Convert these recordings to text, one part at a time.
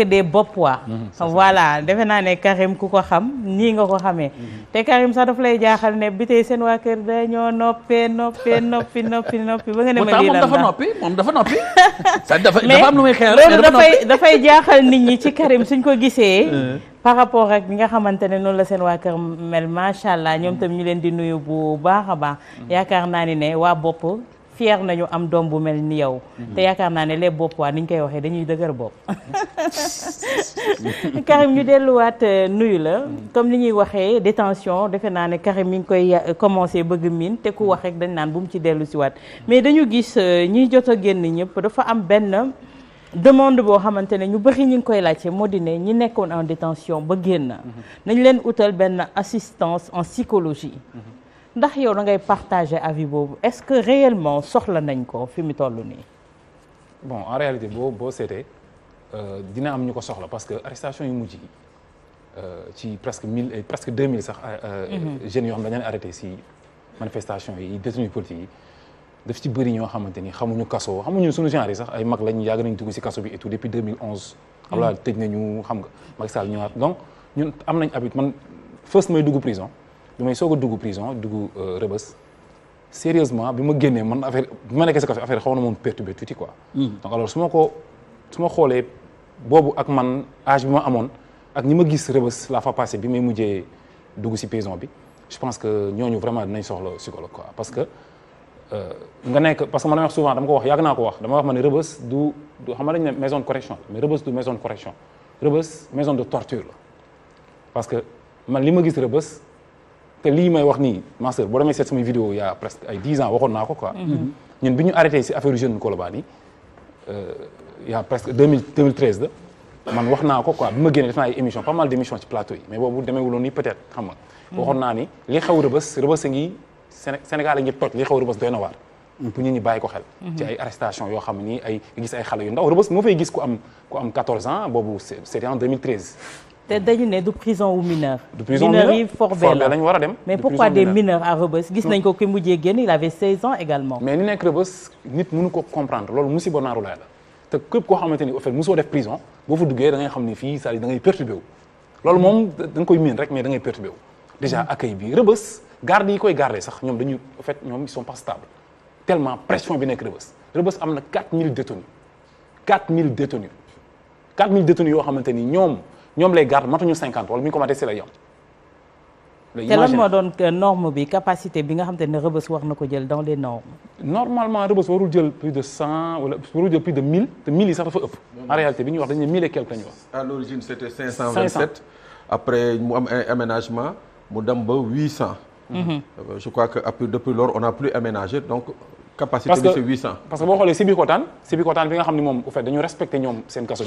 que des bas mhm, voilà defe naa ne Karim ku ko xam nii nga ko xamee. Mhm. te Karim sax daf lay jaaxal ne bi tey seen waa kër dañoo noppee noppee noppi noppi noppi ba nga ne ma lii lan la moom dafa noppi moom dafa noppi. dafa dafa am lu muy xeer loolu dafay dafay jaaxal nit ñi ci Karim suñ ko gisee. Euh. par rapport ak bi nga xamante ne noonu la seen waa kër mel macha allah ñoom tam ñu leen di nuyu bu baax a baax. Mhm. yaakaar naa ni ne waa bopp. fier nañu am doom bu mel ni yow. Mhm. te yaakaar naa ne les bopp waa ni ñu koy waxee dañuy dëgër bopp. Karim ñu delluwaat euh, nuyu la. Mhm. comme ni ñuy waxee détention defe naa ne Karim mi ngi koy euh, commencé bëgg miin te ku mhm. wax rek dañ naan bu mu ci dellu si waat mais dañu gis euh, ñiy jot a génn ñëpp dafa am benn. demande boo xamante ne ñu bëri ñu ngi koy laajte moo di ñi nekkoon en détention ba génn nañ leen utal benn assistance en psychologie ndax yow da ngay partager avis boobu est-ce que réellement soxla nañ ko fi mu toll nii. bon en réalité boo boo seetee euh, dina am ñu ko soxla parce que arrestation yu mujj yi euh, ci presque mille et presque deux mille sax. Euh, mhm. jeunes yoo xam dañu leen arrêté si manifestation yi détenus politiques yi def ci bëri ñoo xamante ni xamuñu kaso xamuñu suñu genre yi sax ay mag lañ yàgg nañ dugg si kaso bi et tout depuis 2011. xam nga tëj nañu xam nga Macky Sall ñëwaat donc ñun am nañ habitude man first may dugg prison. bi may soog a dugg prison dugg euh, rëbës sérieusement bi ma génnee man affaire bi ma nekkee si café affaire xaw na moom perturbé tuuti quoi. Hmm. donc su ma ko su ma xoolee boobu ak man âge bi ma amoon ak ñi ma gis rëbës la fa passé bi may mujjee dugg si prison bi je pense que ñooñu vraiment dinañ soxla psychologue quoi parce que. Euh, nga nekk parce que man wax souvent dama ko wax yàgg naa ko wax dama wax ma ne rëbës du du xam nga dañ ne maison de correction maison de correction rëbës maison de torture la parce que man li ma gis rëbës te lii may wax nii ma sœur boo demee seet samay vidéo y a presque ay dix ans waxoon naa ko quoi mhm. ñun bi ñu arrêté si affaire jeune Colobane yi euh, y a presque 2000 2013 la man wax naa ko quoi bi ma génnee def naa ay émission pas mal d' émission ci plateau yi mais boobu demeewuloon ni peut être xam nga mhm. waxoon naa ni li xew rëbës rëbës a ngi Sénégal a ngi toj li xew rëbës doy na waar mhm. pour nit ñi bàyyi ko xel ci ay arrestation yoo xam ni ay gis te dañu ne du prison wu mineur. du prison mineur yi forbee la ñu war a dem. mais pourquoi des mineurs à Rebeuss gis nañ ko ki mujjee génn il avait 16 ans également. mais ni nekk Rebeuss nit mënu ko comprendre loolu musiba naaru laay la te képp koo xamante ni au fait mosoo def prison boo fa duggee da ngay xam ni fii c'est-à-dire da loolu moom da koy miin rek mais da ngay déjà mm-hmm. accueil bi Rebeuss garde yi koy garder sax ñoom dañuy en fait ñoom ils sont pas stables tellement pression bi nekk Rebeuss yoo xamante ni ñoom ñoom les gardes matuñu cinquante wala bu ñu ko matee te lan moo euh, bi capacité bi nga xam te ne Rebeuss war na ko jël dans les normes. normalement Rebeuss warul jël plus de cent warul jël plus de mille te mille yi sax dafa ëpp. en réalité bi ñuy wax dañu mille et quelques la ah, après mu aménagement mu dem ba huit cent. Mhm. Euh, je crois que depuis lors on a plus aménagé donc. capacité bi c'est huit cent. parce que boo xoolee Sébikotane Sébikotane bi nga xam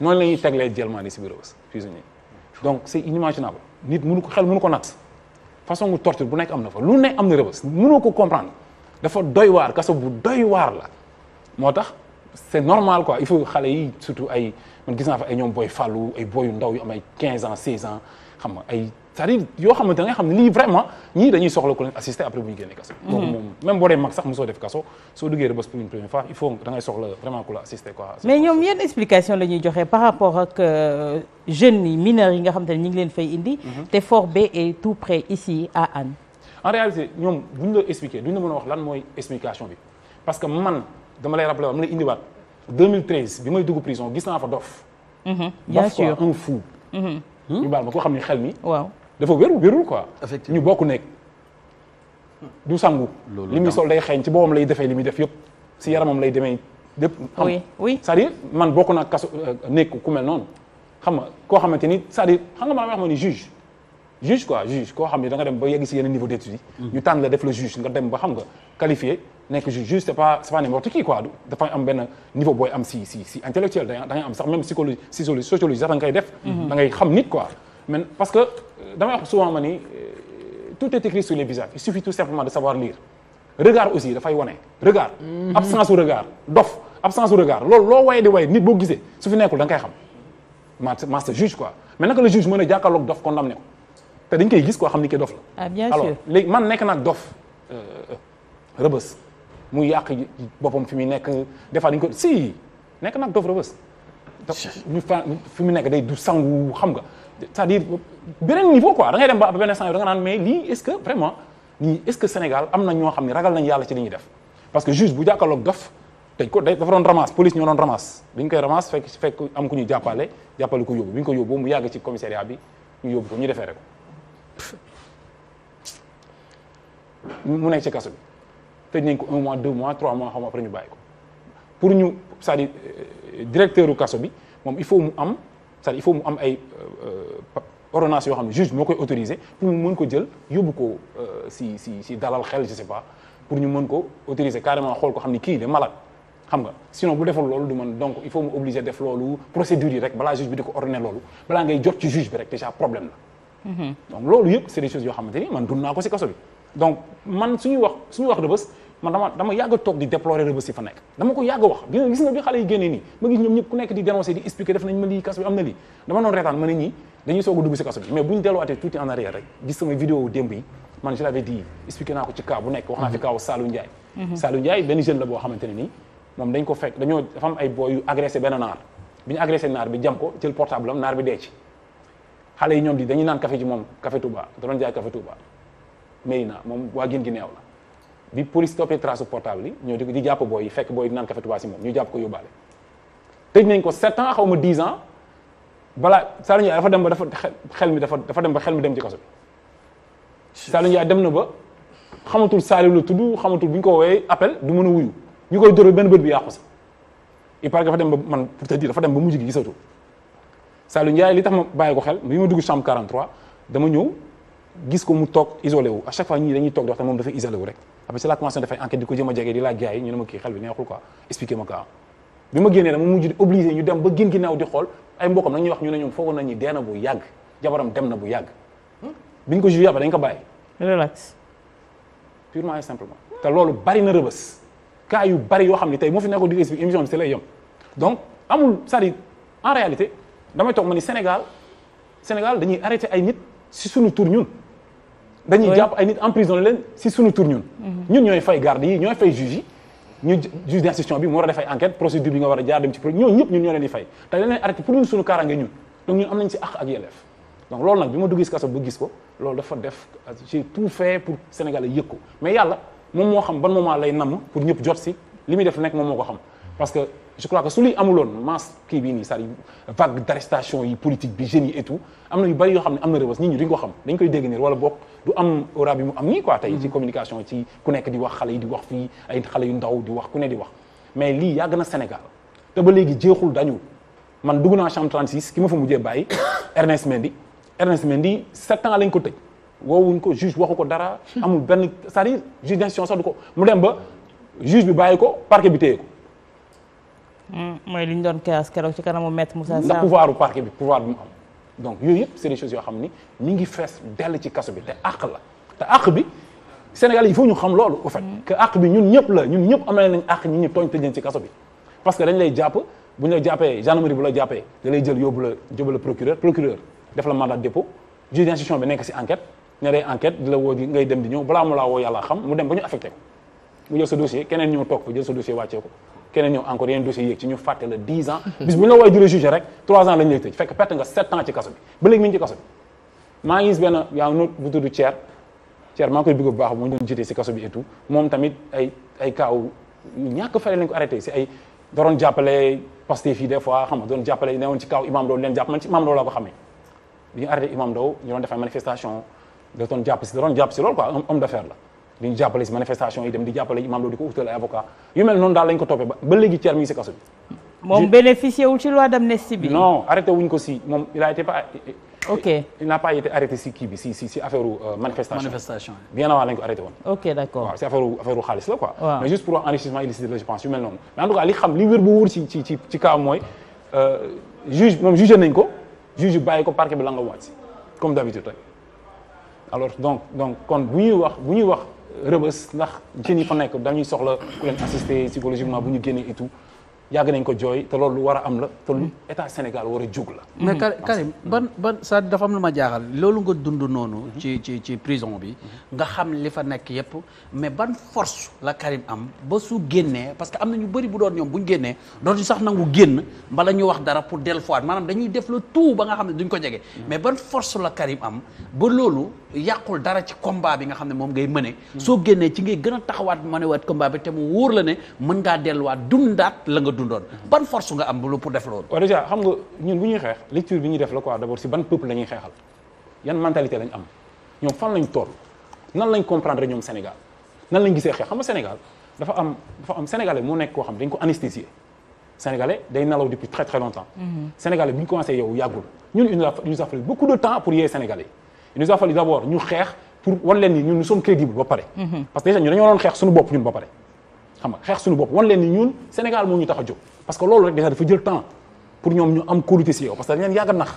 noonu la ñuy teglee jëlmaan yi si biir Rebeuss prisonnier donc c' est inimaginable nit mënu ko xel mënu ko natt façon gu torture bu nekk am na fa lu ne am na Rebeuss mënoo ko comprendre dafa doy waar kaso bu doy waar la moo tax c' est normal ko il faut xale yi surtout ay man gis naa fa ay ñoom booy fàllu ay booyu ndaw yu am ay 15 ans 16 ans xam nga ay. c'est-à-dire yoo xamante da ngay xam ne lii vraiment ñii dañuy soxla ku leen assister après bu ñu génnee kaso mhm. donc moom même boo dee mag sax mosoo def kaso soo duggee Rebeuss pour une première fois il faut da ngay soxla vraiment ku la assister quoi mais ñoom yenn explication la ñuy joxe par rapport ak euh, jeunes yi mineurs yi nga xam te ne ñu ngi leen fay indi mhm. te Fort B est tout près ici à a wax bi parce que man bi may dugg prison gis naa fa dof mhm, bien sûr un fou hmm? ñu baal ma ko xam ne xel mi dafa wér wérul quoi. effectivement ñu nekk du sangu. li muy sol day xeeñ ci boobam lay defee li muy def yëpp si yaramam lay demee lépp. oui oui cest man bokk naa kaso euh, nekk ku mel noonu xam nga koo xamante ni c'est-à-dire xam nga man koo xam ne da nga dem ba yegg si yenn niveau mm. ñu tànn la def la juge nga dem ba xam nga qualifié nekk juge juge c'est pas c'est pas si si si intellectuel da ngay mm-hmm. nit quoi parce que. damay wax souvent ma ni euh, tout est écrit sur les visages il suffit tout simplement de savoir lire regard aussi dafay wane regard mhm. absence u regard dof absence u regard loolu loo waye di waye nit boo gisee su fi nekkul da nga koy xam ma ma sa juge quoi mais naka le juge mën a jàkkaarloog dof ko dañ koy gis koo xam ni kii dof la ah man nekk nag dof euh, euh, rëbës mu yàq boppam fi muy nekk des fois ko si nekk nag dof rëbës ñu fa fi mu nekk day du sangu xam nga cest à beneen niveau quoi da ngay dem ba benn instant da nga naan mais lii est-ce que vraiment lii est-ce que Sénégal am na ñoo xam ne ragal nañ yàlla ci li ñuy def parce que juge bu jàkkaarloog dof dañ ko dafa doon ramasse police ñoo doon ramasse bi ñu koy ramasse fekk fekk am ku ñu jàppale jàppale ko yóbbu bi ñu ko yóbbu mu yàgg ci commissariat bi ñu yóbbu ko ñu defeere ko mu nekk ci kaso bi tëj nañ ko un mois deux mois trois mois xaw ma ñu bàyyi ko pour ñu cest euh, directeur u kaso bi moom il faut mu am c'est-à-dire il faut mu am ay euh, euh, ordonnance yoo xam ne juge moo koy autorisé pour mu mën ko jël yóbbu ko euh, si si si dalal xel je sais pas pour ñu mën ko autoriser carrément xool ko xam ni kii de malade xam nga sinon bu defal loolu du man donc il faut mu obligé def loolu procédure yi rek balaa juge bi di ko ordonné loolu balaa ngay jot ci juge bi rek déjà problème la. Mhm. donc loolu yëpp c'est des choses yoo xamante ni man dund naa ko si kaso bi donc man suñuy wax suñuy wax man dama yàgg toog di déplorer rëbës yi fa nekk dama ko yàgg wax gis nga bi xale yi génnee nii ma gis ñoom ñëpp ku nekk di dénoncer di expliquer def nañ ma lii kaso bi am na lii dama noonu reetaan ma ne ñii dañuy soog a dugg si kaso bi mais bu ñu delluwaatee tuuti en arrière rek gis samay vidéo démb yi man je l'avais dit naa ko ci cas bu nekk wax naa fi kaaw Saliou Ndiaye mhm. Saliou Ndiaye benn jeune la boo xamante nii moom dañ ko fekk dañoo dafa ay boy yu naan café ci moom café Touba da doon jaay café Touba Médina moom bi police toppee trace portable yi ñoo di jàpp booy yi fekk booy naan café Touba si moom ñu jàpp ko yóbbaale tëj nañ ko 7 ans xaw ma 10 ans balaa Saliou Ndiaye dafa dem ba dafa xel mi dafa dafa dem ba xel mi dem ci kaso bi Saliou Ndiaye dem na ba xamatul Saliou la tudd xamatul bu ñu ko woowee appel du mën a wuyu ñu koy dóor benn bët bi yàqu sa il paraît que dafa dem ba man pour te dire dafa dem ba mujj gi gisatu Saliou Ndiaye li tax ma bàyyi ko xel bi ma dugg chambre 43 dama ñëw gis ko mu toog isolé wu à chaque fois ñii dañuy toog di waxtaan moom dafay isolé rek après ci la commencé dafay a jege di ñu dem ba gén ginnaaw di xool ay mbokkam nag ñuy wax ñu ne ñoom foogoon nañu dee na bu yàgg dem na bu yàgg ko jugé dañ ko bàyyi relax purement et simplement te loolu bari na rëbës cas yu bari yoo xam ne tey moo fi nekkoon di expliqué émission bi si lay yem donc en réalité damay toog ma ni Sénégal Sénégal dañuy arrêté ay nit si sunu tur ñun dañuy jàpp ay nit emprisonné leen si suñu tur ñun. Mhm. ñun ñooy fay garde yi ñooy fay juge yi ñu juge d'instruction bi mu war a def ay enquête procédure bi nga war a jaar dem ci pro ñooñu ñëpp ñun ñoo leen di fay te dañ leen arrêté pour ñun suñu kaaraange ñun donc ñun am nañ si àq ak yelleef donc loolu nag bi ma duggee si kaso ba gis ko loolu dafa def j'ai tout fait pour Sénégalais yëg ko mais yàlla moom moo xam ban moment lay namm pour ñëpp jot si li muy def nekk moom moo ko xam parce que je crois que su luy amuloon masse kii bii nii c'est-à-dire vague d'arrestation yi politique bi jeunes yi et tout am na yu bari yoo xam ne am na rëbës nit ñi duñ ko xam dañ koy dégg nii wala bokk du am aura bi mu am nii quoi tey ci mm-hmm. communication ci ku nekk di wax xale yi di wax fii ay xale yu ndaw di wax ku ne di wax mais lii yàgg na Sénégal te ba léegi jeexul dañu man dugg naa chambre 36 ki ma fa mujjee bàyyi Ernest Mendy Ernest Mendy sept ans lañ ko tëj woowuñ ko juge waxu ko dara hmm. amul benn c'est-à-dire juge ko mu dem ba juge bi bàyyi ko parquet bi téye ko hmm, mooy li ñu doon kaas keroog ci kanamu maître Moussa Sarr ndax pouvoir bi pouvoir am donc yooyu yëpp c'est des choses yoo xam ni ñu ngi fees dell ci kaso bi te àq la te àq bi Sénégal il faut ñu xam loolu au fait mm. que bi ñun ñëpp la ñun ñëpp amee nañ àq ñi ñu tooñ tëj leen ci kaso bi parce que dañ lay jàpp bu ñu la jàppee gendarmerie bu la jàppee da lay jël yóbbu la jóbbu la procureur procureur def la mandat de dépôt juge d'instruction bi nekk si enquête ne day enquête di la woo ngay dem di ñëw balaa mu laa woo yàlla xam mu dem ba ñu affecté ko mu jël sa dossier keneen ñëw toog fa jël s dossier ko keneen ñëw encore yeneen dossier yéeg ci ñu fàtte la 10 ans bis bu ñu la waay jure jugé rek 3 ans lañ lay tëj fekk perte nga 7 ans ci kaso bi ba léegi mi ci kaso bi bu baax mu doon jiite si kaso bi et tout moom tamit ay ay kaaw ñàkk fere lañ ko arrêté si ay doon jàppale Pastef yi des fois xam nga jàppale ne woon ci kaw Imam Ndao leen jàpp man ci Imam Ndao laa ko xamee bi ñu arrêté Imam Ndao ñu doon def manifestation da doon si da doon jàpp si loolu quoi la di ñu jàppale si manifestation yi dem di jàppale Imam Lo di ko utal ay avocat yu mel noonu daal lañ ko toppee ba ba léegi Thierno mi kaso bi. moom bénéficié wul ci loi d'amnistie bi. non arrêté wuñ ko si moom il eh, eh, n'a pas été arrêté si kii si si si affaire euh, manifestation manifestation lañ ko arrêté woon. ok d'accord si affaire xaalis la quoi. waaw mais juste pour enrichissement illicite la je pense yu mel noonu. mais en li xam li wér bu wóor ci ci ci euh, juge moom jugé nañ rëbës ndax jeunes yi fa nekk dañuy soxla ku leen assister psychologiquement bu ñu génnee et tout yàgg nañ ko jooy te loolu lu war a am la te lu état Sénégal war a jug la. mais Karim ban ban sa dafa am lu ma jaaxal loolu nga dund noonu. ci ci ci prison bi. nga xam li fa nekk yépp mais ban force la Karim am ba su génnee parce que am na ñu bëri bu doon ñoom bu ñu génnee doo sax nangu génn bala ñu wax dara pour delluwaat maanaam dañuy def le tout ba nga xam ne duñ ko jege. mais ban force la Karim am ba loolu yàqul dara ci combat bi nga xam ne moom ngay mëne. soo génnee ci ngay gën a taxawaat mënewaat combat bi te mu wóor la ne mën ngaa delluwaat dundaat la dundoon ban force nga am lu pour def loolu waaw déjà xam nga ñun bu ñuy xeex lecture bi ñuy def la quoi d'abord si ban peuple la xeexal yan mentalité lañ am ñoom fan lañ toll nan lañ comprendre ñoom Sénégal nan lañ gisee xeex xam Sénégal dafa am dafa moo nekk koo xam dañ ko anesthésier sénégalais day nalaw depuis très très longtemps mhm. sénégalais bi ñu commencé yàggul ñun il nous a fallu beaucoup de temps pour yee sénégalais il nous a fallu xam nga xeex suñu bopp wan leen ni ñun Sénégal moo ñu tax a jóg parce que loolu rek déjà dafa jël temps pour ñoom ñu am kóolute si yow parce que leen yàgg a nax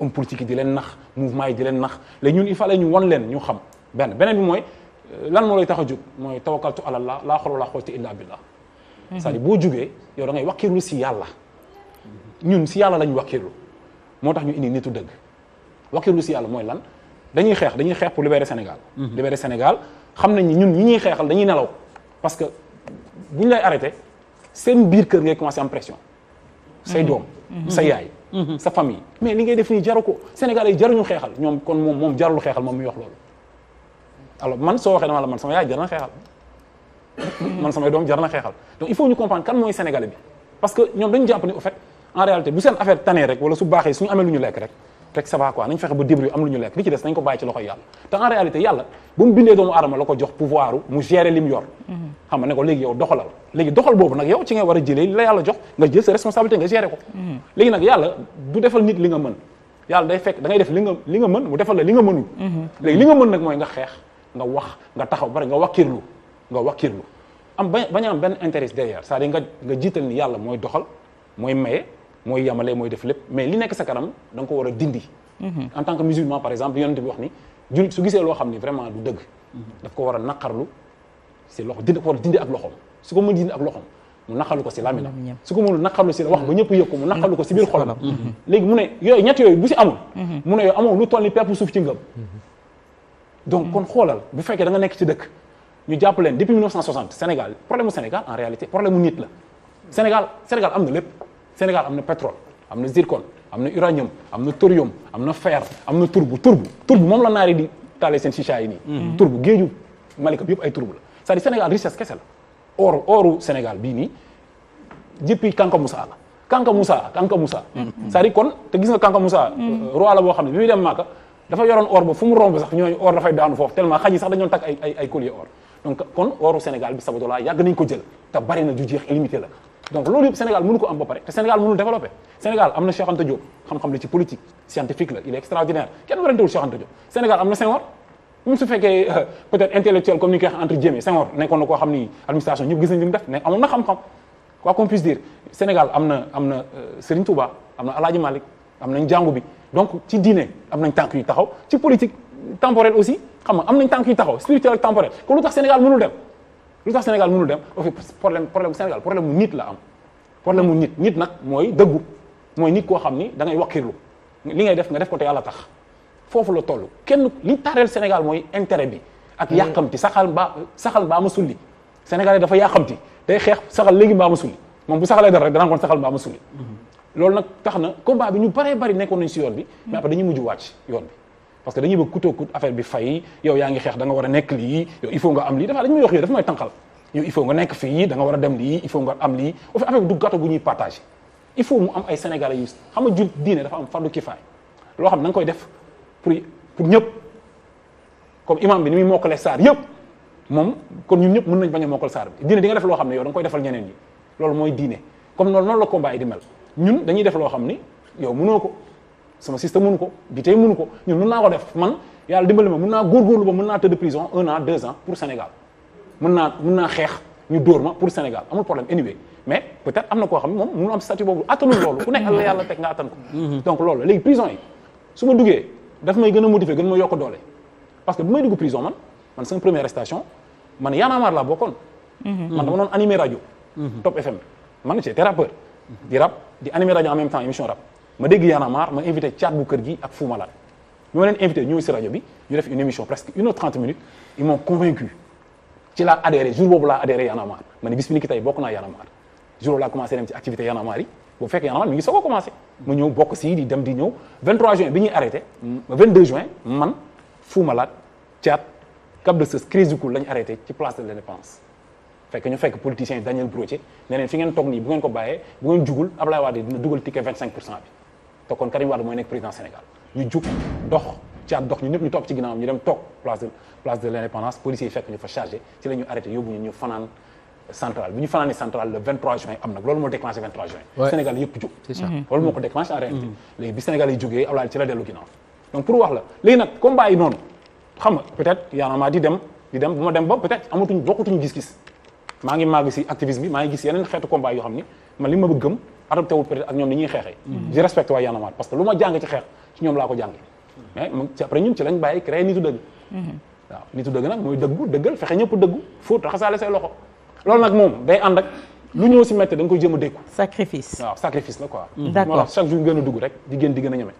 homme politique yi di leen nax mouvement yi di leen nax léegi ñun il fallait ñu leen ñu xam benn beneen bi mooy euh, lan moo lay tax a jóg mooy tawakkaltu ala Allah laa hawla wala quwwata illa billah mhm. cest à boo jógee yow da ngay wakkiirlu si yàlla ñun si yàlla lañu wakkiirlu moo tax ñu indi nitu dëgg wakkiirlu si yàlla mooy lan dañuy xeex dañuy xeex pour libérer Sénégal mhm. libérer Sénégal xam nañ ni ñun ñi ñuy xeexal dañuy nelaw bu ñu lay arrêté seen biir kër ngay commencé am pression say doom mhm. sa yaay mhm. sa famille mais li ngay def nii jaru ko Sénégal yi jaruñu xeexal ñoom kon moom moom jarul xeexal moom muy wax loolu alors man soo waxee dama la man sama yaay jar na xeexal mhm. man samay doom jar na xeexal il faut ñu comprendre kan mooy sénégalais bi parce que ñoom dañu jàpp ni au fait en réalité bu seen affaire tanee rek wala su baaxee suñu amee lu ñu lekk rek rek ça va quoi nañ fexe ba débrouiller am lu ñu lekk li ci des nañ ko bàyyi ci loxoy yàlla te mu bindee doomu aadama la ko jox pouvoir mu gérer li mu yor mhm. xam nga ne ko léegi yow doxalal léegi doxal boobu nag yow ci ngay war a jëlee li la yàlla jox nga jël sa responsabilité nga gérer ko mhm. léegi nag yàlla du defal nit li nga mën yàlla day fekk da def li nga mën mu defal la li nga mënul mhm. léegi li nga mën nag mooy nga xeex nga wax nga taxaw bari nga wakkirlu nga a am mooy yamale mooy def lépp mais li nekk sa kanam da nga ko war a dindi. Mhm. en tant que musulman par exemple yonent bi wax mhm. ko war a dindi ko war a dindi ak loxoom su ko mën dindi ak loxoom mu naqarlu ko si làmmiñam su ko mënul naqarlu si wax ba ñëpp yëg ko mu naqarlu ko si biir xolam. Mhm. léegi mu ne yooyu ñett yooyu bu si amul. mu ne yooyu amul lu toll ni pepp suuf ci ngëm. donc kon xoolal bu fekkee da nga nekk ci dëkk ñu jàpp leen depuis 1960 Sénégal problème s Sénégal Sénégal am na pétrole am na zircon am na uranium am na thorium am na fer am na turbu turbu turbu moom la naar yi di taalee seen chicha yi nii. Mhm. turbu géeju Malika bi yëpp ay turbu la c'est-à-dire Sénégal richesse kese la or oru Sénégal bii nii jëppi Kanka Moussa la Kanka Moussa Kanka Moussa. Mhm. c'est-à-dire kon te gis nga Kanka Moussa. Mhm. Euh, roi la boo xam ne bi muy or ba fu mu romb ñooñu or dafay daanu foofu sax dañoo takk ay ay ay or donc kon oru Sénégal bi Sabodala yàgg nañ ko jël te bari na ju jeex illimité la donc loolu yëpp Sénégal mënu ko am ba pare te Sénégal mënul développé Sénégal am na Cheikh Anta xam-xam la ci politique scientifique la il est extraordinaire kenn warantewul fekkee euh, peut-être intellectuel comme ni ñu koy wax entre guillemets Senghor nekkoon na xam ni administration ñëpp gis nañ li mu def mais am na xam-xam quoi qu'on puisse dire Sénégal am na am na euh, Serigne am na Alaaji Malick am nañ jàngu bi donc ci diine am nañ tànk yu taxaw ci politique temporelle aussi xam nga am nañ tànk yu taxaw spirituel temporel kon lu tax Sénégal mënul dem lu tax Sénégal mënul dem au fait problème problème Sénégal problème mu nit la am problème mu nit nit nag mooy dëggu mooy nit koo xam ni da ngay wakkirlu li ngay def nga def ko te yàlla tax foofu la toll kenn li taareel Sénégal mooy intérêt bi ak mm. yàqamti saxal mbaa saxal mbaa ma sulli Sénégalais dafa yàqamti day xeex saxal léegi mbaa ma sulli moom bu saxalee dara rek danaa koon saxal mbaa ma sulli mm-hmm. loolu nag tax na combat bi ñu baree bari nekkoon nañ si yoon bi mais mm. après dañuy mujj wàcc yoon bi parce que dañuy bëgg coûte coûte affaire bi fay yow yaa ngi xeex da nga war a nekk lii yow il faut nga am lii dafa dañu may wax yow dafa may tànqal yow il faut nga nekk fii da nga war a dem lii il faut nga am lii au fait affaire bi du gâteau bu ñuy partagé il faut mu am ay sénégalais yu xam nga jul diine dafa am fardu kifaay loo xam ne da nga koy def pour ñëpp comme imam bi ni muy mokkale saar yëpp moom kon ñun ñëpp mën nañ bañ a mokkal saar bi diine di def loo xam ne yow da ñeneen ñi mooy diine comme noonu noonu la combat yi di def loo xam ni yow mënoo ko sama système mënu ko bi tey ko ñun mën naa ko def man yàlla dimbali ma mën naa góorgóorlu ba mën naa tëdd prison un an deux ans pour Sénégal mën naa mën naa xeex ñu dóor ma pour Sénégal amul problème anyway mais peut-être am na koo xam ne moom mënu am statut boobu attanul loolu ku nekk la yàlla ko mhm. donc loolu léegi prison yi su ma duggee daf may gën a motiver gën ma yokk doole parce que bu may dugg prison man man sama première arrestation man Y'en a marre laa bokkoon mhm. man dama doon animer rajo mhm. Top FM man j'étais rappeur di rap di animer rajo en même temps émission ma dégg Y'en ma invité Thiat bu kër gi ak Fou Malade bi ma leen invité ñëw si rajo bi ñu def une émission presque une heure trente minutes ils m'ont convaincu ci laa adhéré jour boobu laa adhéré Y'en a ma ne bis bi ki tey bokk naa Y'en a jour boobu laa commencé dem ci activité Y'en a marre yi bu fekkee Y'en a marre mi ngi soog a commencé ma ñëw bokk si di dem di ñëw juin bi ñuy arrêté 22 juin man Fou Malade Thiat Cap de Seuss crise du coup lañ arrêté ci place de l'Indépendance fekk ñu fekk politicien Daniel Brottier ne neen fi ngeen toog nii bu ngeen ko bàyyee bu cent bi te kon Karim Wade mooy nekk président Sénégal ñu jug dox caat dox ñu ñëpp ñu ci ginnaawam ñu dem toog place de place de l'indépendance policiers yi fekk ñu fa chargé ci la ñu arrêté yóbbu ñu fanaan centrale bi ñu fanaanee centrale le juin am nag loolu moo déclenché juin Sénégal yëpp jóg mm-hmm. loolu moo ko déclenché en mm-hmm. léegi bi Sénégal yi jógee Abdoulaye ci la dellu ginnaaw donc pour wax la léegi nag combat noonu xam nga peut-être maa di dem di dem bu ma dem ba peut-être amatuñ bokkutuñ gis maa ngi màgg si activisme maa ngi gis yeneen xeetu combat yoo adopté wu ñoom ni ñuy xeexee je respecte waa Y'en a marre parce que lu ma jàng ci xeex ci ñoom laa ko jàng mais ci après ñun ci lañ bàyyi créé nitu dëgg waaw nitu dëgg nag mooy loolu nag moom day ànd ak lu ñëw si métti da nga koy jëm a dékku sacrifice waaw sacrifice la quoi d'accord chaque jour gën a dugg rek di gën di gën a ñeme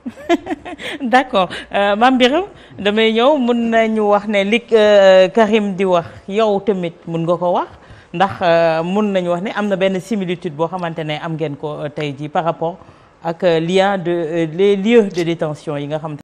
d'accord euh, Mame Birame damay ñëw mun nañu wax ne li euh, Karim di wax yow tamit mun nga ko wax ndax euh, mun nañu wax ne am na benn similitude boo xamante ne am ngeen ko euh, tey jii par rapport ak euh, lien de les lieux de détention yi nga xam